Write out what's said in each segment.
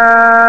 Uh...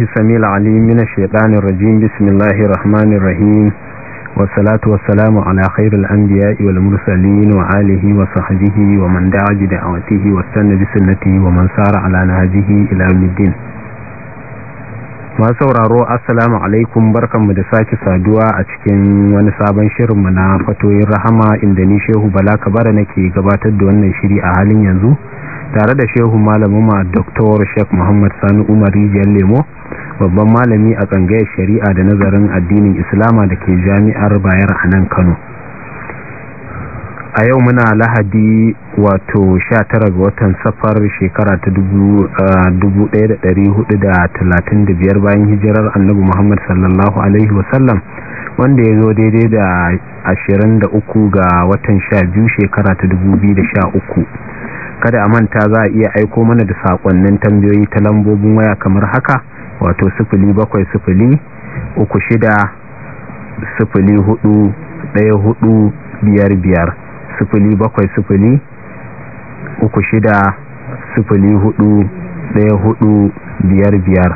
الله السميع العليم من الشيطان الرجيم بسم الله الرحمن الرحيم والصلاة والسلام على خير الأنبياء والمرسلين وآله وصحبه ومن دعا بدعوته واستنى بسنته ومن سار على نهجه إلى يوم الدين ما sauraro assalamu alaikum barkanmu da sake saduwa a cikin wani sabon shirinmu na fatoyin rahama inda ni shehu bala kabara nake gabatar da wannan shiri a halin yanzu tare da shehu malamin ma Dr. Sheikh Muhammad Sani Umar Rijiyar Lemo babban malami a tsangayar shari'a da nazarin addinin Islama da ke jami'ar Bayar a nan Kano a yau muna lahadi wato 19 ga watan safar shekara ta 1435 bayan hijirar annabi muhammad sallallahu alaihi wasallam wanda ya zo daidai da 23 ga watan 12 shekara ta 2013 kada a manta za a iya aiko mana da sakonnin tambayoyi ta lambobin waya kamar haka wato hudu 4 1 4 bakwai sifili 4 ɗaya 4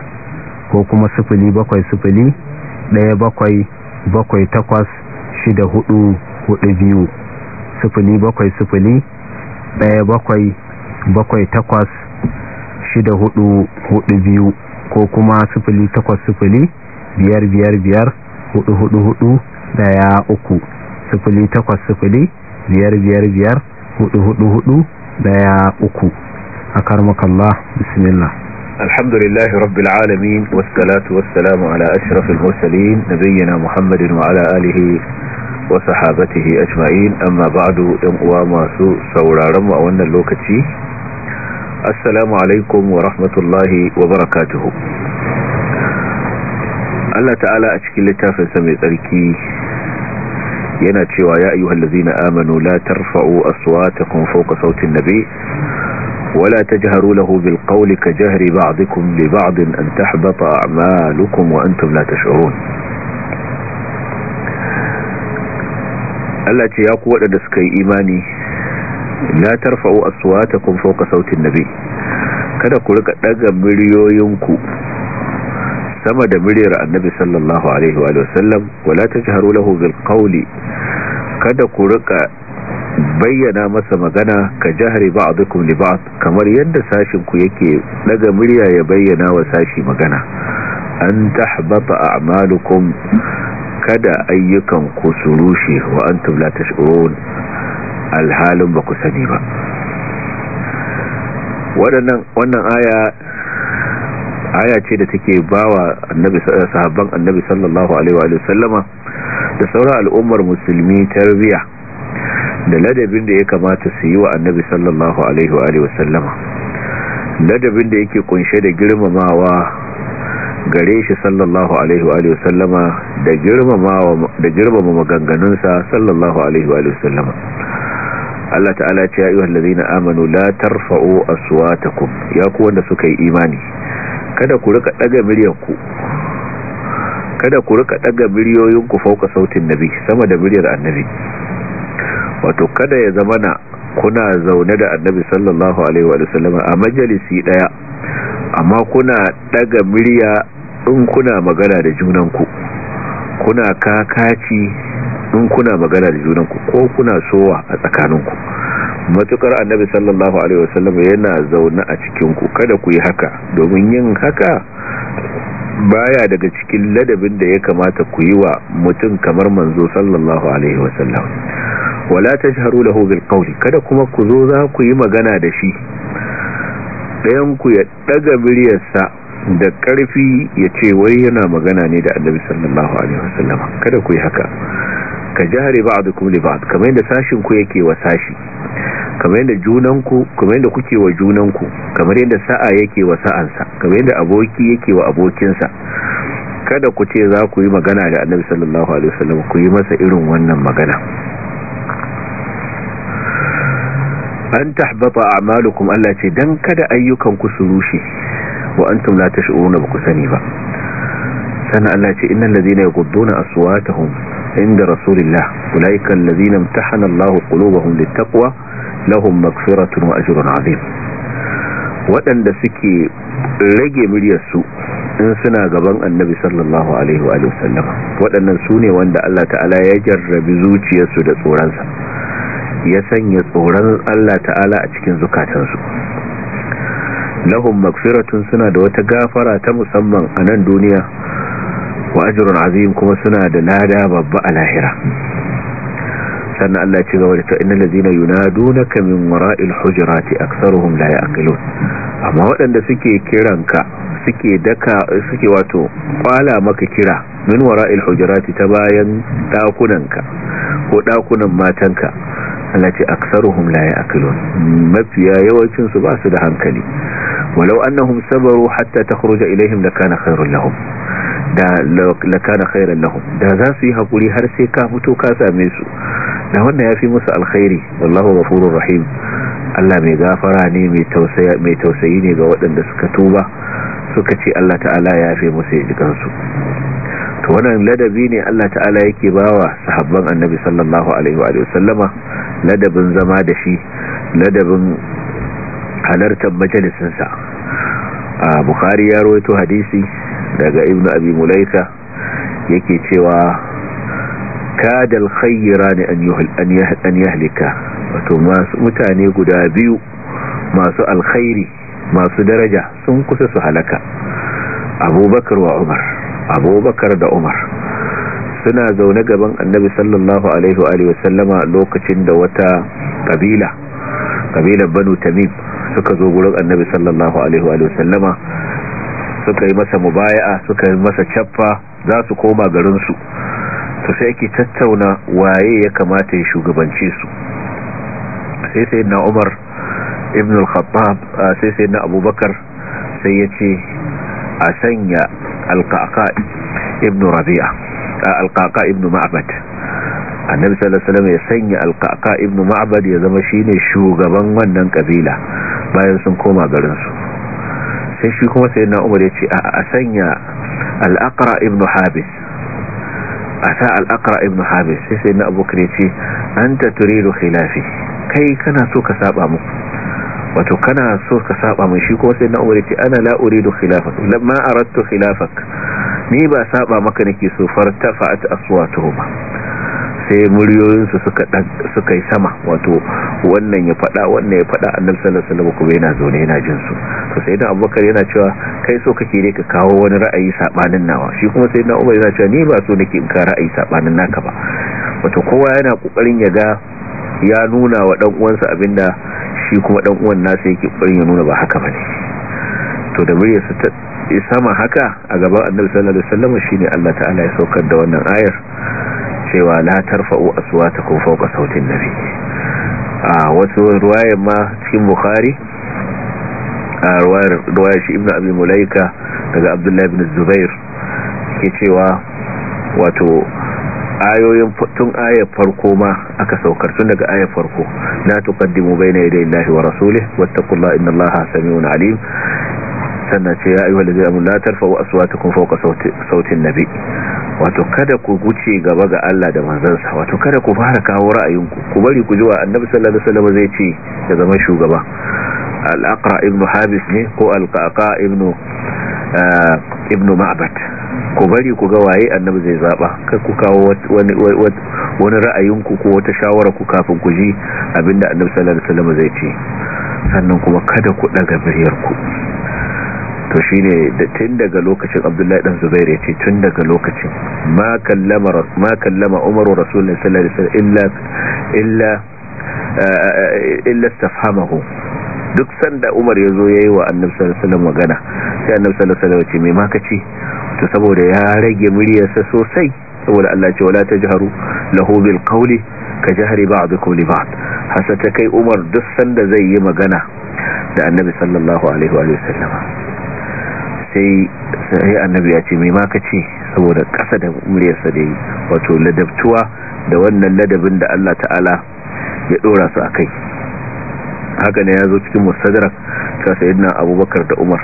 ko kuma sifili 7 sifili ɗaya bakwai bakwai takwas shida hudu hudu biyu sifili bakwai daya bakwai bakwai takwas shida hudu hudu biyu ko kuma sufuli takwas sufuli biyar biyar biyar hudu hudu hudu daya uku sufuli takwas sufuli biyar biyar biyar hudu hudu hudu daya uku a karmakallah bismillah الحمد لله رب العالمين والصلاة والسلام على أشرف المرسلين نبينا محمد وعلى آله وصحابته أجمعين أما بعد يمقوى ماسو سورارم وأن اللوكتي السلام عليكم ورحمة الله وبركاته Allah ta'ala a cikin littafinsa mai tsarki yana cewa ya ayyuhal ladzina amanu la tarfa'u aswatakum fawqa sautin nabi wala tajharu lahu bil qawli ka jahri ba'dikum li ba'din an tahbata a'malukum wa antum la tash'urun Allah ce ya ku waɗanda suka yi imani la tarfa'u aswatakum fawqa sautin nabi kada ku rika daga muryoyinku sama da muryar annabi sallallahu alaihi wa sallam wala tajharu lahu bil qawli kada ku rika bayyana masa magana ka jahari ba'dukum li ba'd kamar yadda sashin ku yake daga murya ya bayyana wa sashi magana an tahbata a'malukum kada ayyukan ku su rushe wa antum la tash'urun alhalin ba ku sani ba wannan aya aya ce da take bawa annabi sahabban annabi sallallahu alaihi wa sallama da sauran al'ummar musulmi tarbiya da ladabin da ya kamata su yi wa annabi sallallahu alaihi wa sallama ladabin da yake kunshe da girmamawa gare shi sallallahu alaihi wa sallama da girmama maganganunsa sallallahu alaihi wa sallama Allah ta'ala ya ce ya ayyuhal ladina amanu la tarfa'u aswatakum ya ku wanda suka yi imani kada ku rika daga ku kada ku rika daga ku fauka sautin nabi sama da miliyar annabi wato kada ya zamana kuna zaune da annabi sallallahu alaihi wa sallama a majalisi daya amma kuna daga murya in kuna magana da junanku kuna kakaci in kuna magana da junanku ko kuna sowa a tsakanin ku. matukar annabi sallallahu alaihi wasallam yana zaune a cikinku kada ku yi haka domin yin haka baya daga cikin ladabin da ya kamata ku yi wa mutum kamar manzo sallallahu alaihi wasallam wala tajharu lahu bil qawli kada kuma ku zo za ku yi magana da shi dayan ku ya daga miryarsa da karfi ya ce wai yana magana ne da annabi sallallahu alaihi wasallam kada ku yi haka ka jahare ba'dukum li ba'd kamar yadda sashin ku yake wa sashi kamar yadda junanku kamar yadda kuke wa junanku kamar yadda sa'a yake wa sa'ansa kamar yadda aboki yake wa abokinsa kada ku ce za ku yi magana da annabi sallallahu alaihi wasallam ku yi masa irin wannan magana an tahbata a'malukum Allah ce dan kada ayyukan ku su rushe wa antum la tash'uruna ba ku sani ba sannan Allah ce innal ladina a aswatahum inda rasulillah ulaika allazina imtahana Allahu qulubahum littaqwa lahum maghfiratun wa ajrun azim waɗanda suke rage muryarsu in suna gaban annabi sallallahu alaihi wa sallam waɗannan su ne wanda Allah ta'ala ya jarrabi zuciyarsu da tsoronsa ya sanya tsoron Allah ta'ala a cikin zukatansu lahum magfiratun suna da wata gafara ta musamman a nan duniya wa ajrun azim kuma suna da lada babba a lahira sannan Allah ya ce ga wadda innal ladina yunadunaka min wara'il hujurati aktharuhum la yaqilun amma waɗanda suke kiranka suke daka suke wato kwala maka kira min wara'il hujurati ta bayan dakunanka ko dakunan matanka Allah ce aksaruhum la ya'qilun mafiya yawancin su ba su da hankali walau annahum sabaru hatta takhruja ilaihim lakana khairul lahum da lakana khairan lahum da za su yi hakuri har sai ka fito ka same su da wannan yafi musu alkhairi wallahu ghafurur rahim Allah mai gafara ne mai mai tausayi ne ga waɗanda suka tuba suka ce Allah ta'ala ya yafe musu jikan jikansu. to wannan ladabi ne Allah ta'ala yake bawa sahabban annabi sallallahu alaihi wa sallama ladabin zama da shi ladabin halartar majalisinsa a bukari ya rawaito hadisi daga ibnu abi mulaika yake cewa kadal khayyira ne an yahlika wato masu mutane guda biyu masu alkhairi masu daraja sun kusa su halaka abubakar wa umar abubakar da umar suna zaune gaban annabi sallallahu alaihi wa alihi lokacin da wata kabila kabilar banu tamim suka zo gurin annabi sallallahu alaihi wa sallama suka yi masa mubaya'a suka yi masa caffa za su koma garin su sai tattauna waye ya kamata ya shugabance su sai sai na Umar ibn al-Khattab sai sai na Abubakar sai ya ce a sanya alka'aka ibn Rabi'a alƙaƙa ibn ma'abad annabi sallallahu alaihi ya sanya alƙaƙa ibn ma'abad ya zama shine shugaban wannan kabila bayan sun koma su sai shi kuma sai na umar ya ce a sanya al'aqra ibn habis a sa al'aqra ibn habis sai sai na abokan ya ce an ta turidu khilafi kai kana so ka saba muku wato kana so ka saba mun shi kuma sai na umar ana la uridu khilafak lamma aradtu khilafak ni ba saba maka nake so fartafa'at aswatuhum sai su suka yi sama wato wannan ya fada wannan ya fada annabi sallallahu alaihi wasallam yana zaune yana jin su to sai da abubakar yana cewa kai so kake ne ka kawo wani ra'ayi sabanin nawa shi kuma sai da umar yana cewa ni ba so nake in ka ra'ayi sabanin naka ba wato kowa yana kokarin ya ga ya nuna wa dan uwansa abinda shi kuma dan uwan nasa yake kokarin ya nuna ba haka bane to da muryarsa ta sama haka a gaban annabi sallallahu alaihi wasallam shine Allah ta'ala ya saukar da wannan ayar cewa la tarfa'u aswatakum fawqa sautin nabi a wasu ruwayar ma cikin bukhari a ruwayar shi ibnu abi mulaika daga abdullahi ibn zubair ke cewa wato ayoyin tun ayar farko ma aka saukar tun daga ayar farko na la bai na yaday lahi wa rasulihi wattaqullaha sami samiun alim sannan ce ya ayyuha allazina latar la tarfa'u aswatakum fawqa fauka sautin nabi wato kada ku guce gaba ga Allah da manzansa wato kada ku fara kawo ra'ayinku ku bari ku ji wa annabi sallallahu alaihi wasallam zai ce da zama shugaba al-aqra ibnu habis ne ko al-qaqa ibnu. Ibnu ma'bad ku bari ku ga waye annabi zai zaba kai ku kawo wani ra'ayinku ko wata shawara ku kafin ku ji abinda annabi sallallahu alaihi wasallam zai ce sannan kuma kada ku daga biryar ku to shine da tun daga lokacin abdullahi dan zubair ya ce tun daga lokacin ma kallama ma kallama umaru rasulullahi sallallahu alaihi wasallam illa illa eh, eh, illa istafhamahu duk sanda umar ya zo ya yi wa annabi sallallahu magana sai annabi sallallahu alaihi ce me ma ce? to saboda ya rage muryarsa sosai saboda Allah ce wala tajharu lahu bil qawli ka jahri ba'dukum li ba'd ta kai umar duk sanda zai yi magana da annabi sallallahu alaihi wa sallam sai sai annabi ya ce me ma ce? saboda kasa da muryarsa da yi wato ladabtuwa da wannan ladabin da Allah ta'ala ya dora su akai haka ne ya zo cikin musadarar ta sayidina abubakar da umar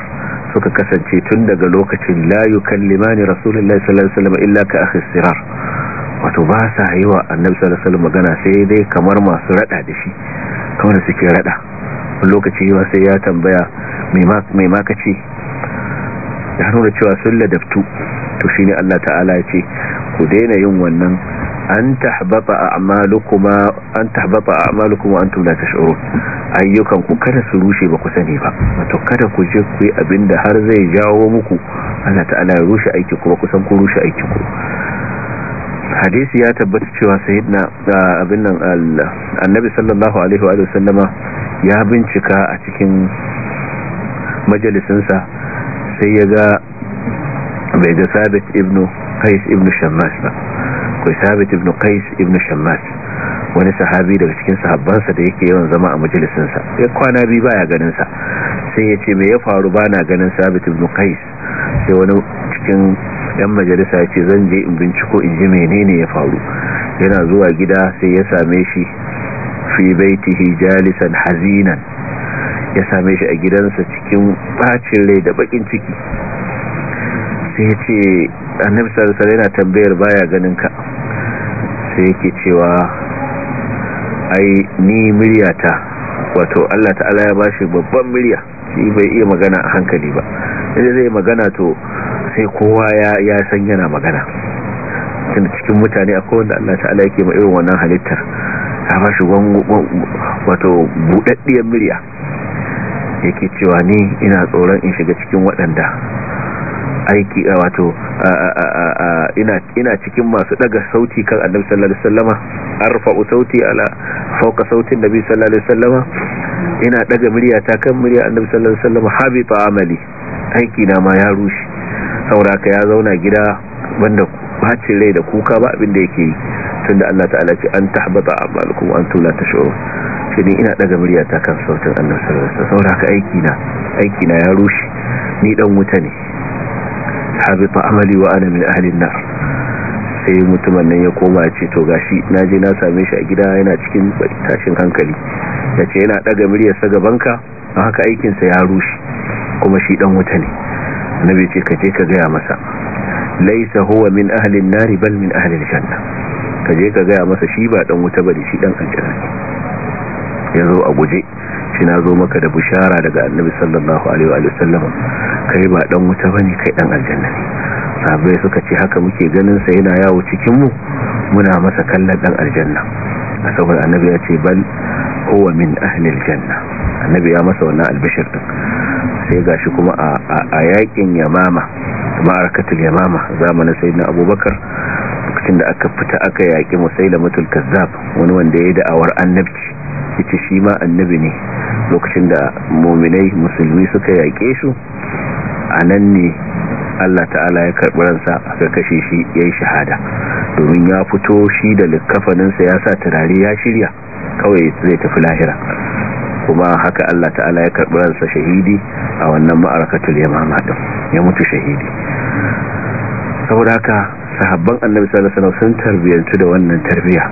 suka kasance tun daga lokacin layu kallimani rasulullahi sallallahu alaihi illa ka akhi sirar wato ba sa yi wa annabi sallallahu magana sai dai kamar masu rada da shi kamar da suke rada lokaci ba sai ya tambaya mai makaci ya nuna cewa sun ladabtu to shine Allah ta'ala ya ce ku daina yin wannan an tahbata a'malukuma an tahbata a'malukum wa antum la ayyukan ku kada su rushe ba ku sani ba wato kada ku je ku yi abinda har zai jawo muku Allah ta'ala ya rushe aiki ku ba ku san ku rushe aiki ku hadisi ya tabbata cewa sayyidina abin nan annabi sallallahu alaihi wa sallama ya bincika a cikin majalisinsa sai ya ga bai ga sabit ibnu kais ibnu shammas ba akwai sabit ibn qais ibn shammas wani sahabi daga cikin sahabbansa da yake yawan zama a majalisinsa ya kwana biyu baya ganin sa sai ya ce me ya faru bana ganin sabit ibn qais sai wani cikin yan majalisa ya ce zan je in binciko in ji menene ya faru yana zuwa gida sai ya same shi fi baitihi jalisan hazinan ya same shi a gidansa cikin bacin rai da bakin ciki sai ya ce annabi sallallahu alaihi wasallam yana tambayar baya ganin ka sai yake cewa ai ni miryata wato Allah ta'ala ya bashi babban mirya shi bai iya magana a hankali ba idan zai magana to sai kowa ya ya san yana magana tun cikin mutane akwai wanda Allah ta'ala yake ma irin wannan halittar ya bashi wato budaddiyar mirya yake cewa ni ina tsoron in shiga cikin waɗanda aiki eh, wato ina ina cikin masu daga sauti kan annabi sallallahu alaihi wasallama arfa'u sauti ala fawqa sauti annabi sallallahu alaihi wasallama ina daga murya ta kan murya annabi sallallahu alaihi wasallama habita amali aiki na ma ya rushe sauraka ya zauna gida banda bacin rai da kuka ba abin da yake yi tunda Allah ta'ala ce an tahbata amalukum an tula ta shi ne ina daga murya ta kan sautin annabi sallallahu alaihi wasallama sauraka aiki na aiki na ya rushe ni dan wuta ne habita amali wa ana min ahlin na sai mutumin nan ya koma ya ce to gashi na je na same shi a gida yana cikin tashin hankali ya ce yana daga gaban gabanka a haka aikin sa ya rushe kuma shi dan wuta ne annabi ce ka je ka gaya masa laisa huwa min ahlin naribal bal min ahlil janna ka je ka gaya masa shi ba dan wuta bane shi dan aljanna ne a guje shi na zo maka da bishara daga annabi sallallahu alaihi wa sallam kai ba dan wuta bane kai dan aljanna ne sahabbai suka ce haka muke ganin sa yana yawo cikin mu muna masa kallon dan aljanna asabar annabi ya ce bal huwa min ahli aljanna annabi ya masa wannan albishir din sai gashi kuma a yakin yamama ma'arakatul yamama zamanin sayyidina abubakar lokacin da aka fita aka yaƙi musailamatul kazzab wani wanda ya yi da'awar annabci suka ce shi ma annabi ne lokacin da muminai musulmi suka yaƙe su a nan ne Allah ta'ala ya karɓi ransa aka kashe shi ya yi shahada domin ya fito shi da likkafaninsa ya sa turare ya shirya kawai zai tafi lahira kuma haka Allah ta'ala ya karɓi ransa shahidi a wannan ma'arakatul yamama din ya mutu shahidi saboda haka sahabban annabi sallallahu alaihi wasallam sun tarbiyantu da wannan tarbiyya.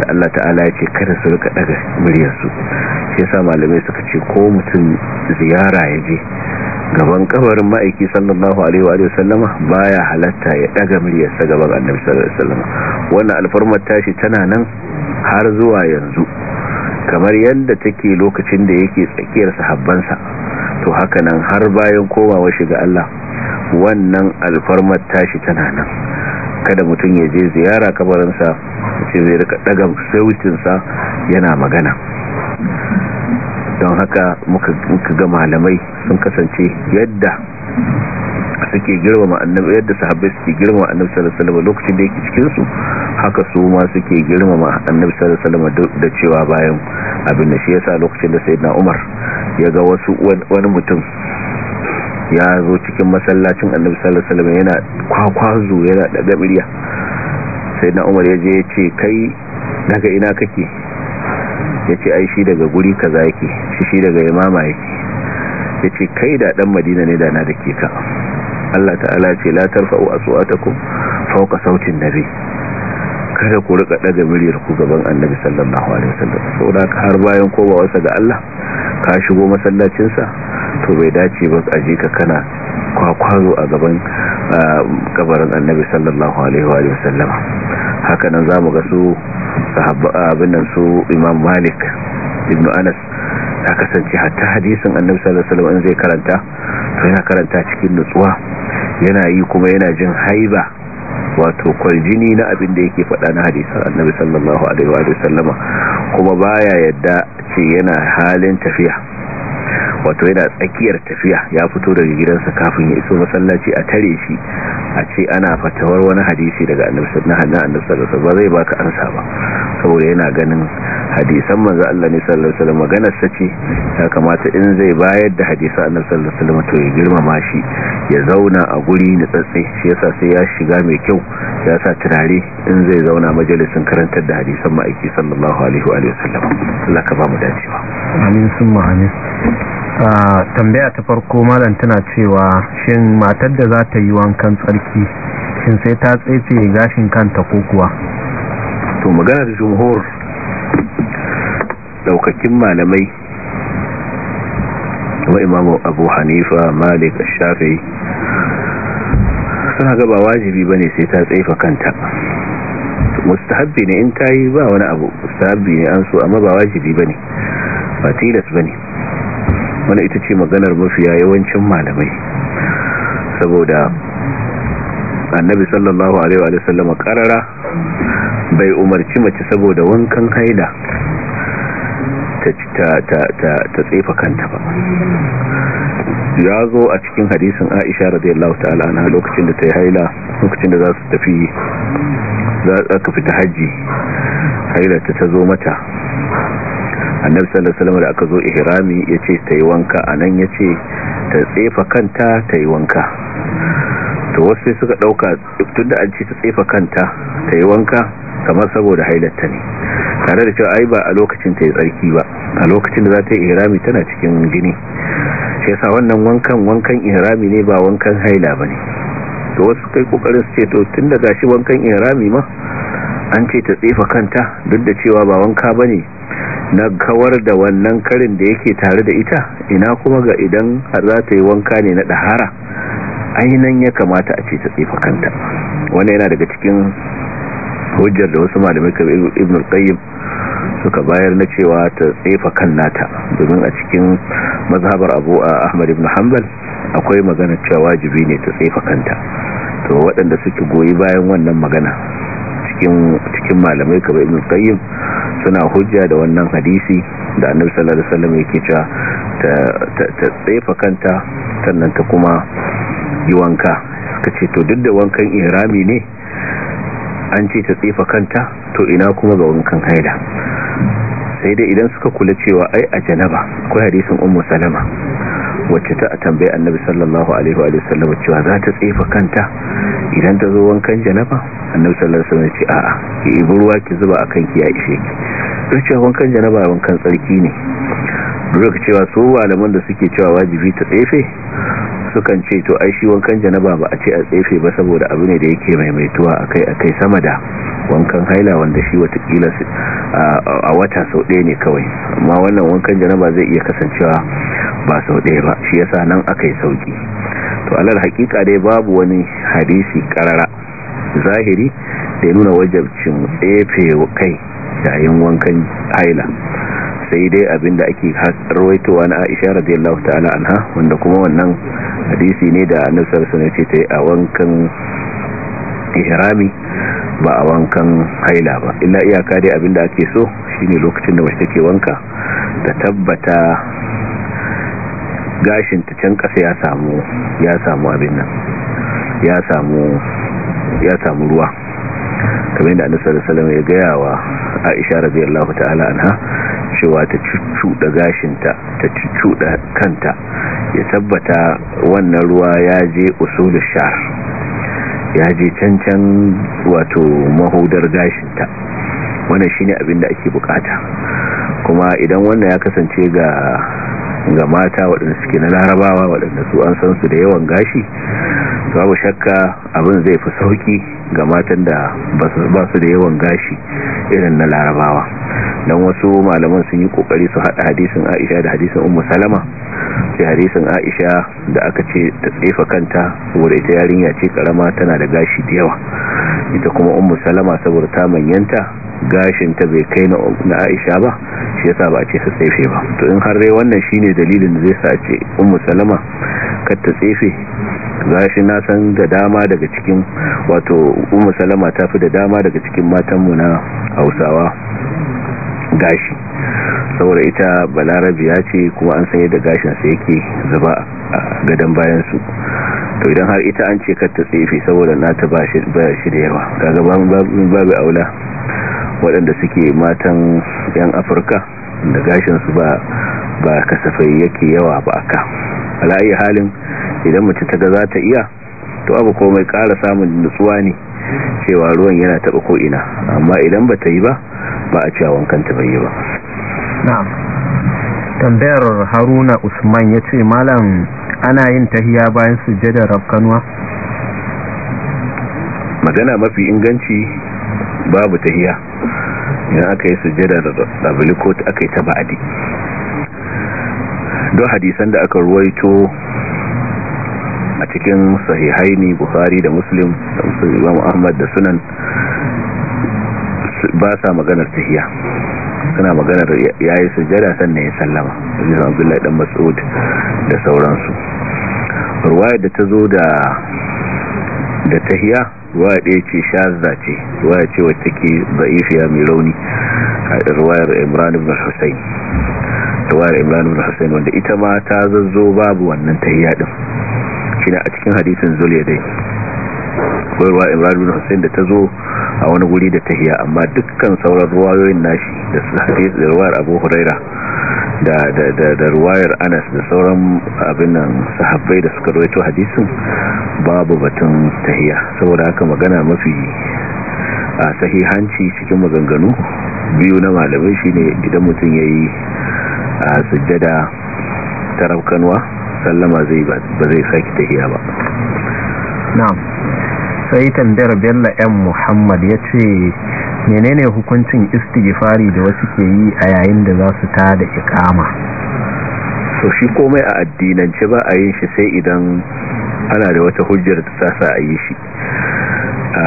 sai Allah ta'ala ya ce kada su rika daga muryarsu shi yasa malamai suka ce ko mutum ziyara ya je gaban kabarin ma'aiki sallallahu alaihi wa sallama baya halatta ya daga muryarsa gaban annabi sallallahu alaihi wa sallama wannan alfarmar tashi tana nan har zuwa yanzu kamar yadda take lokacin da yake tsakiyar sahabbansa to haka nan har bayan komawa shiga Allah wannan alfarmar tashi tana nan kada mutum ya je ziyara kabarinsa ce zai rika daga sautinsa yana magana don haka muka ga malamai sun kasance yadda suke girmama annabi yadda sahabbai suke girmama annabi sallallahu alaihi wasallam lokacin da yake cikin su haka su ma suke girmama annabi sallallahu alaihi wasallam da cewa bayan abin da shi yasa lokacin da sayyidina Umar ya ga wasu wani mutum ya zo cikin masallacin annabi sallallahu alaihi wasallam yana kwakwazo yana daga miriya sai na umar ya je ya ce kai daga ina kake ya ce ai shi daga guri kaza yake shi shi daga imama yake ya ce kai da dan madina ne da na da ke ka Allah ta'ala ce la tarfa'u aswatakum fawqa sautin nabi kada ku rika daga muryar ku gaban annabi sallallahu alaihi wasallam saboda har bayan komawarsa ga Allah ka shigo masallacinsa. to bai dace ba a je ka kana kwakwaro a gaban kabarin annabi sallallahu alaihi wa sallama haka nan za mu ga su abin su imam malik ibn anas ta kasance hatta hadisin annabi sallallahu alaihi wa sallam zai karanta to yana karanta cikin nutsuwa yana yi kuma yana jin haiba wato kwaljini na abin da yake faɗa na hadisan annabi sallallahu alaihi wa sallama kuma baya yadda ce yana halin tafiya wato yana tsakiyar tafiya ya fito daga gidansa kafin ya iso masallaci a tare shi a ce ana fatawar wani hadisi daga na annabi sallallahu ba zai baka ansa ba saboda yana ganin hadisan manzo Allah ne sallallahu alaihi wasallam maganar sa ce ya kamata in zai bayar da hadisan annabi sallallahu alaihi wasallam to ya girmama shi ya zauna a guri na tsatsi shi yasa sai ya shiga mai kyau ya sa turare in zai zauna majalisin karantar da hadisan ma'aiki sallallahu alaihi wa sallam Allah ka ba mu dacewa amin summa amin tambaya ta farko malam tana cewa shin matar da za ta yi wankan tsarki shin sai ta tsaye gashin kanta ko kuwa to magana da jumhur daukakin malamai wa imamu abu hanifa malik shafi suna gaba wajibi bane sai ta tsaifa kanta mustahabbi ne in ta yi ba wani abu mustahabbi ne an so amma ba wajibi bane ba tilas bane wani ita ce maganar mafiya yawancin malamai saboda annabi sallallahu alaihi wa sallama karara bai umarci mace saboda wankan haida ta tsefa kanta ba ya zo a cikin hadisin aisha radiyallahu ta'ala na lokacin da ta yi haila lokacin da za su tafi za a ka fita hajji hailata ta zo mata annabi sallallahu alaihi da aka zo ihrami yace tayi wanka anan yace ta tsefa kanta tayi wanka to wasu sai suka dauka tunda an ce ta tsefa kanta tayi wanka kamar saboda hailatta ne tare da cewa ai ba a lokacin ta yi tsarki ba a lokacin da za ta yi ihrami tana cikin gini shi sa wannan wankan wankan ihrami ne ba wankan haila bane to wasu kai kokarin su ce to tunda gashi wankan ihrami ma an ce ta tsefa kanta duk da cewa ba wanka ba ne na kawar da wannan karin da yake tare da ita ina kuma ga idan har za ta yi wanka ne na ɗahara ainihin ya kamata a ce ta tsefa kanta wani yana daga cikin hujjar da wasu malamai kamar ibn al-qayyim suka bayar na cewa ta tsefa kan nata domin a cikin mazhabar abu a ahmad ibn hanbal akwai magana cewa wajibi ne ta tsefa kanta to waɗanda suke goyi bayan wannan magana cikin cikin malamai kaba ibn qayyim suna hujja da wannan hadisi da annabi sallallahu alaihi wasallam yake cewa ta tsefa kanta sannan ta kuma yi wanka suka ce to duk da wankan ihrami ne an ce ta tsefa kanta to ina kuma ga wankan haida sai dai idan suka kula cewa ai a janaba akwai hadisin ummu salama wacce ta tambaye annabi sallallahu alaihi wa cewa za ta tsefa kanta idan ta zo wankan janaba annabi sallallahu alaihi wasallam ce a'a ki ibi ruwa ki zuba akan ki ya ishe ki don wankan janaba wankan tsarki ne duk cewa su malaman da suke cewa wajibi ta tsefe sukan ce to ai shi wankan janaba ba a ce a tsefe ba saboda abu ne da yake maimaituwa akai akai sama da wankan haila wanda shi watakila a wata sau ɗaya ne kawai amma wannan wankan janaba zai iya kasancewa ba sau ɗaya ba shi yasa nan akai sauki to alal hakika dai babu wani hadisi karara zahiri da ya nuna wajabcin tsefe kai yayin wankan haila sai dai abinda ake rawaitowa na Aisha radiyallahu ta'ala anha wanda kuma wannan hadisi ne da Annabi sallallahu ce ta yi a wankan ihrami ba a wankan haila ba illa iyaka dai abinda ake so shine lokacin da mace take wanka ta tabbata gashin ta can kasa ya samu ya samu abin nan ya samu ya samu ruwa kamar yadda annabi sallallahu alaihi wasallam ya gaya wa Aisha radiyallahu ta'ala anha cewa ta da gashinta ta da kanta ya tabbata wannan ruwa ya je usulul sha'r ya je cancan wato mahudar gashinta wannan shine abin da ake bukata kuma idan wannan ya kasance ga ga mata waɗanda suke na larabawa waɗanda su an san su da yawan gashi babu shakka abin zai fi sauki ga matan da ba su da yawan gashi irin na larabawa don wasu malaman sun yi kokari su haɗa hadisin aisha da hadisin umar salama sai hadisin aisha da aka ce ta tsefa kanta saboda ita yarinya ce karama tana da gashi da yawa ita kuma umar salama saboda ta manyanta gashin ta bai kai na Aisha ba shi yasa ba a ce ta tsefe ba to in har dai wannan shine dalilin da zai sa ce ummu salama kar ta tsefe gashi na san da dama daga cikin wato ummu salama ta fi da dama daga cikin matanmu na Hausawa gashi saboda ita balarabiya ce kuma an sanye da gashin sa yake zuba a gadan bayan su to idan har ita an ce kar ta tsefe saboda nata ba shi da yawa kaga babu aula waɗanda suke matan 'yan afirka da gashinsu ba ba kasafai yake yawa ba aka ala'ayi halin idan mace ta ga za ta iya to abu komai ƙara samun nutsuwa ne cewa ruwan yana taɓa ko'ina amma idan ba ta yi ba ba a cewa wankan bai yi ba tambayar haruna usman ya ce malam ana yin tahiya bayan sujjadar rafkanuwa magana mafi inganci babu tahiya idan aka yi sujjada da tsabili ko aka yi ta ba'adi don hadisan da aka ruwaito a cikin sahihaini Buhari da muslim da musulman imam ahmad da sunan ba sa maganar tahiya suna maganar ya yi sujjada sannan ya sallama da abdullahi dan mas'ud da sauransu ruwayar da ta zo da tahiya ruwa ɗaya ce shazza ce ruwa ce wacce take za'ifiya mai rauni a ruwayar imran ibn hussein ruwayar imran ibn hussein wanda ita ma ta zazzo babu wannan tahiyya din shi a cikin hadisin zuliyadai akwai ruwa imran ibn hussein da ta zo a wani guri da tahiya amma dukkan sauran ruwayoyin nashi da su hadis ruwayar abu huraira da da da ruwayar Anas da sauran abin nan sahabbai da suka rawaito hadisin babu batun tahiya saboda haka magana mafi a sahihanci cikin maganganu biyu na malamai shine idan mutum yayi a sujjada tarabkanwa sallama zai ba zai saki tahiya ba na'am sai tambayar Bello M Muhammad yace menene hukuncin istighfari da wasu ke yi a yayin da za su ta da ikama so shi komai a addinance ba a yin shi sai idan ana da wata hujjar ta sa a yi shi a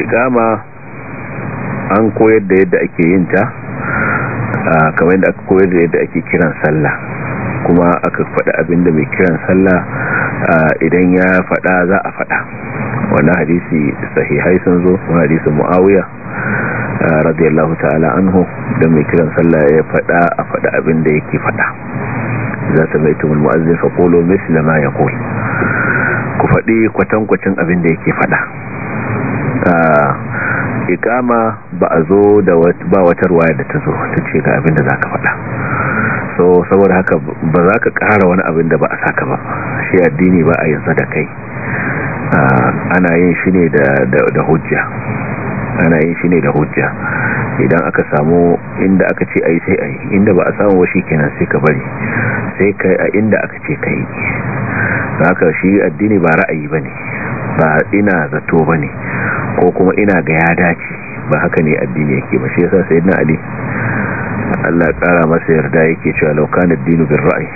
ikama an koyar da yadda ake yin ta kamar yadda aka koyar da yadda ake kiran sallah kuma aka faɗa abinda mai kiran sallah idan ya faɗa za a faɗa wannan hadisi sahihai sun zo wani hadisin muawiya uh, radiyallahu ta'ala anhu da mai kiran sallah ya faɗa a faɗa abin da yake faɗa za ta mai tumul mu'azzin fa qulu misla ma yaqul ku faɗi kwatankwacin abin da yake faɗa uh, ikama ba a zo da ba wata ruwaya da ta zo ta ce ga abin da za ka faɗa so saboda haka ba za ka ƙara wani abin da ba a saka ba shi addini ba a yin da kai Ah, ana yin shi ne da hujja ana yin shi ne da hujja idan aka samu inda aka ce ai sai ai inda ba a samu washi kenan sai ka bari sai kai a inda aka ce kai haka shi addini ba ra'ayi bane ba ina zato bane ko kuma ina ga ya dace ba haka ne addini yake ba shi yasa na ali Allah kara masa yarda yake cewa law kana ad-dinu bir ra'yi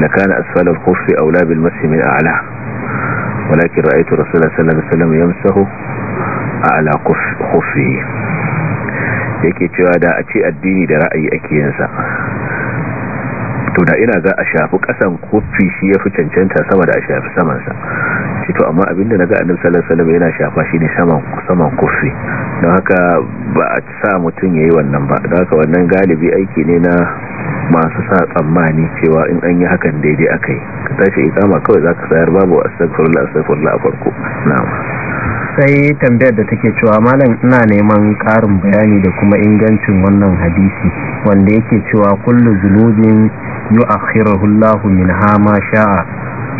lakana asfala al-khuffi awla bil masjid min a'la walakin ra'aytu rasulullahi sallallahu alaihi wasallam yamsahu ala khuffihi yake cewa da a ce addini da ra'ayi ake yin sa to da ina ga a shafi kasan kofi shi ya fi cancanta sama da a shafi samansa shi to amma abinda na ga annabi sallallahu alaihi wasallam yana shafa shi ne saman kofi don haka ba a sa mutum yayi wannan ba don haka wannan galibi aiki ne na masu sa tsammani cewa in an yi hakan daidai akai ka tashi ikama kawai zaka sayar babu astaghfirullah astaghfirullah a farko na'am sai tambayar da take cewa malam ina neman karin bayani da kuma ingancin wannan hadisi wanda yake cewa kullu zunubin yu'akhiruhu Allah minha ma sha'a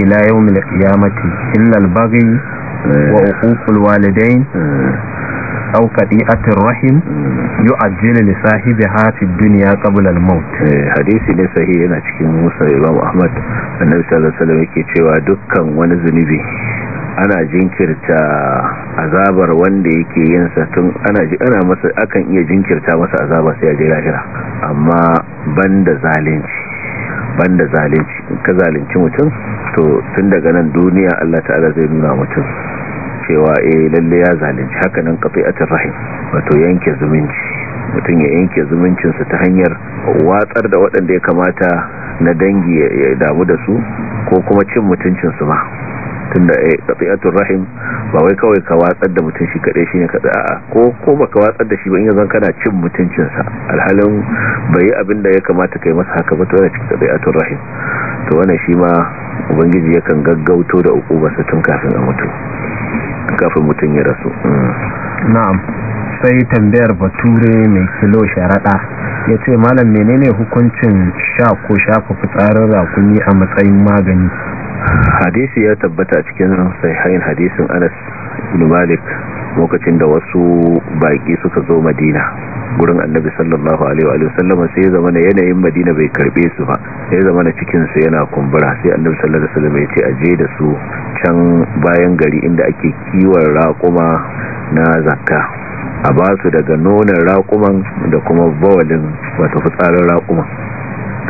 ila yawmil qiyamati illa al-baghi wa uququl walidayn aw qadi'atir rahim yu'ajjilu li sahibiha fid dunya qabla al-maut hadisi ne sahi yana cikin Musa Imam Ahmad annabi sallallahu alaihi yake cewa dukkan wani zunubi ana jinkirta azabar wanda yake yinsa sa tun ana ana masa iya jinkirta masa azabar sai ya je lahira amma banda zalunci banda zalunci ka zalunci mutum to tun daga nan duniya Allah ta'ala zai nuna mutum cewa eh lalle ya zalunci haka nan kafi a rahim wato yanke zumunci mutum ya yanke zumuncinsa ta hanyar watsar da waɗanda ya kamata na dangi ya damu da su ko kuma cin mutuncin su ma tunda eh qati'atul rahim ba wai kawai ka watsar da mutun shi shi shine kada a'a ko ko baka watsar da shi ba in yanzu kana cin mutuncin sa alhalin bai abin da ya kamata kai masa haka ba to yana cikin qati'atul rahim to wannan shi ma ubangiji yakan gaggauto da ukubarsa tun kafin a mutu kafin mutun ya rasu mm. na'am sai tambayar bature mai kilo sharaɗa ya ce malam menene hukuncin sha ko shafa fitsarin rakumi a matsayin magani hadisi ya tabbata a cikin hain hadisin Anas ibn Malik lokacin da wasu baƙi suka zo Madina gurin Annabi sallallahu alaihi wa sallam sai ya zama yanayin Madina bai karbe su ba sai ya zama na cikin su yana kumbura sai Annabi sallallahu alaihi wa sallam ya ce aje da su can bayan gari inda ake kiwon raƙuma na zakka a ba su daga nonon raƙuman da kuma bawalin wato fitsarin raƙuman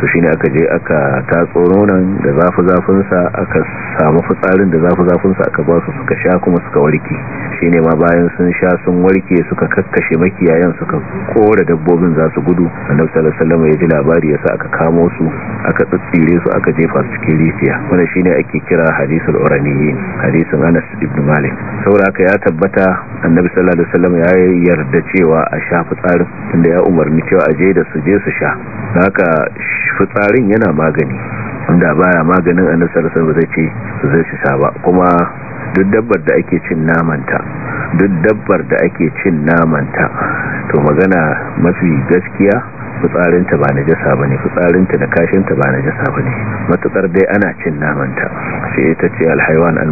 to ne aka je aka tatso nonon da zafi-zafinsa aka samu fitsarin da zafi-zafinsa aka ba su suka sha kuma suka warke ne ma bayan sun sha sun warke suka kakkashe makiyayan suka kora dabbobin za su gudu a sallallahu alaihi ya ji labari ya sa aka kamo su aka tsitsire su aka jefa su cikin wani shi shine ake kira hadisul uraniyin hadisin Anas ibn Malik saura haka ya tabbata annabi sallallahu alaihi wasallam ya yarda cewa a sha fitsarin tunda ya umarni cewa a je da su je su sha haka fitsarin yana magani inda baya maganin a nasar ba zai ce zai sa saba kuma duk dabbar da ake cin namanta duk dabbar da ake cin namanta to magana mafi gaskiya fitsarinta ba na jasa ba ne fitsarinta da kashinta ba na jasa ba ne matuƙar dai ana cin namanta shi ita ce alhaiwan al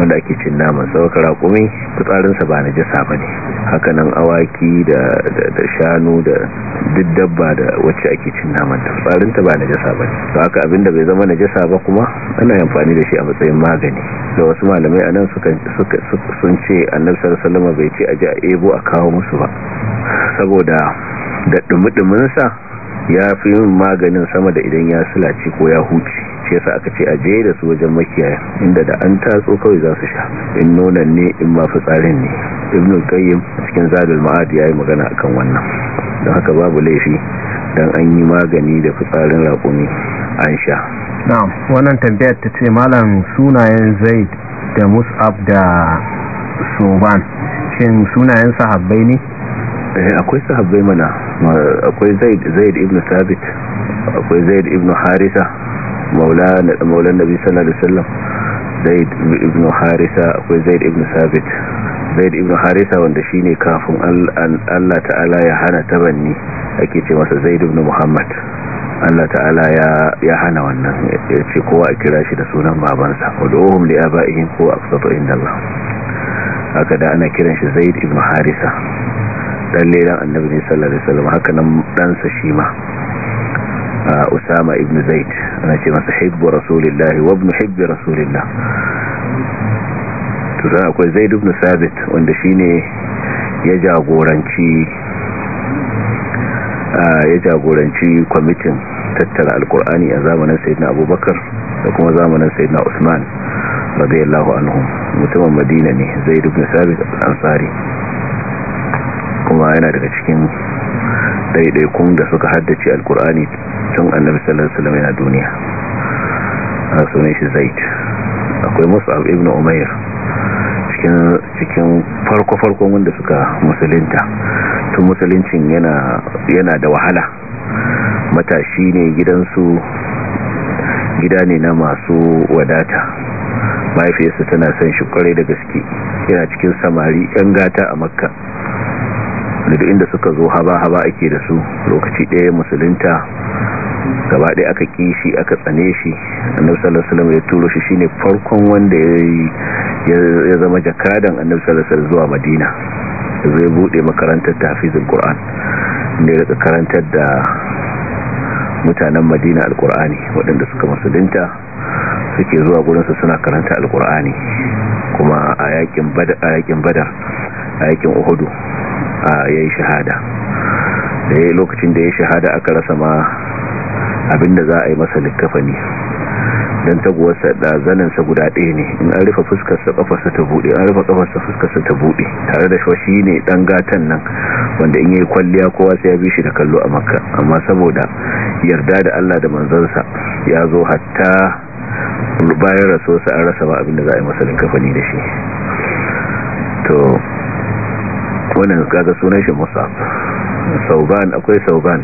wanda ake cin naman saukar raƙumi fitsarinsa ba na jasa ba ne hakanan awaki da shanu da duk dabba da wacce ake cin naman ta fitsarinta ba na jasa ba ne to haka abinda bai zama na jasa ba kuma ana amfani da shi a matsayin magani da wasu malamai a nan sun ce annabi sallallahu bai ce a ji a ebo a kawo musu ba saboda da dumi-duminsa ya fi yin maganin sama da idan ya silace ko ya huci shi yasa aka ce a je da su wajen makiyaya inda da an tatso kawai za su sha in nonan ne in ma fitsarin ne ibn qayyim cikin zadul ma'ad ya yi magana akan wannan don haka babu laifi dan an yi magani da fitsarin raƙumi an sha na'am wannan tambayar ta ce malam sunayen zaid da mus'ab da suban shin sunayen sahabbai ne Eh, akwai sahabbai mana akwai zaid ibn sabit akwai zaid ibn harisa maulan nabi sallallahu alaihi wasallam zaid ibn harisa akwai zaid ibn sabit zaid ibn harisa wanda shine kafin Allah ta'ala ya hana tabanni ake ce masa zaid ibn muhammad Allah ta'ala ya hana wannan ya ce kowa a kira shi da sunan babansa wadohum li aba'ihim ko aqsatu inda Allah haka da ana kiran shi zaid ibn harisa lalle dan annabi ne sallallahu alaihi wasallam haka nan ɗansa shi ma usama ibn zaid ana ce masa hibbu rasulillahi wa ibn hibbi rasulillah to dan akwai zaid ibn sabit wanda shine ya jagoranci ya jagoranci kwamitin tattara alkur'ani a zamanin sayyidina abubakar da kuma zamanin sayyidina usman radiyallahu anhu mutumin madina ne zaid ibn sabit al-ansari kuma yana daga cikin ɗaiɗaikun da suka haddace alkur'ani tun annabi sallallahu alaihi wasallam duniya a sunan shi zaid akwai mus'ab ibn umair cikin cikin farko-farkon wanda suka musulunta tun musuluncin yana yana da wahala matashi ne gidansu gida ne na masu wadata mahaifiyarsa tana son shi kwarai da gaske yana cikin samari yan gata a makka duk inda suka zo haba-haba ake da su lokaci ɗaya musulunta gaba ɗaya aka kishi aka tsane shi annabi sallallahu alaihi ya turo shi shine farkon wanda ya zama jakadan annabi sallallahu alaihi zuwa madina zai bude makarantar tafizul qur'an ne da karantar da mutanen madina alqur'ani waɗanda suka musulunta suke zuwa gurin su suna karanta alqur'ani kuma a yakin badar a yakin uhudu ya yi shahada da eh, ya lokacin da ya shahada aka rasa ma abinda za a yi masa likafani ne don taguwarsa da zaninsa guda ɗaya ne in an rufe fuskarsa kafarsa ta buɗe an rufe kafarsa fuskarsa ta buɗe tare da shi ne ɗan gatan nan wanda in yi kwalliya kowa sai ya bi shi da kallo a makka amma saboda yarda da allah da manzansa ya zo hatta bayan rasuwarsa an rasa ba abinda za a yi masa likafani da shi to wannan kaga sunan shi musa sauban akwai sauban